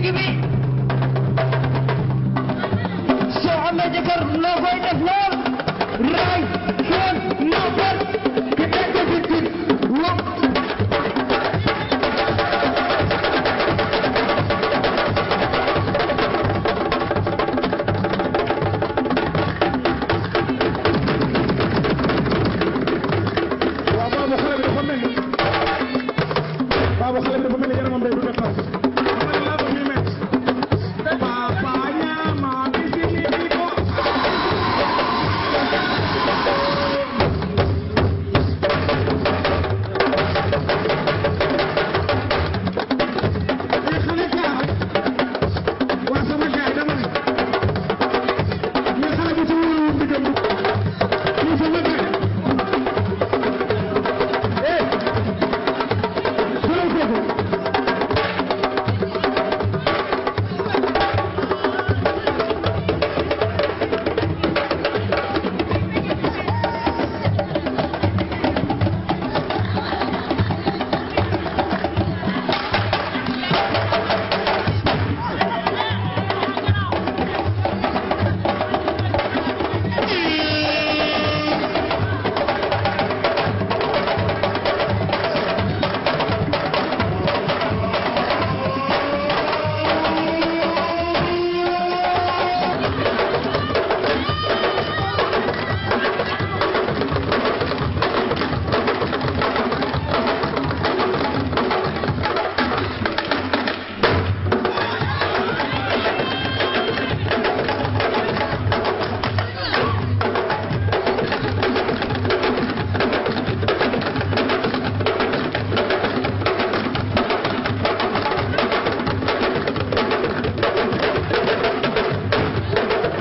Give me. So I'm a different love, I love. moom day du dépense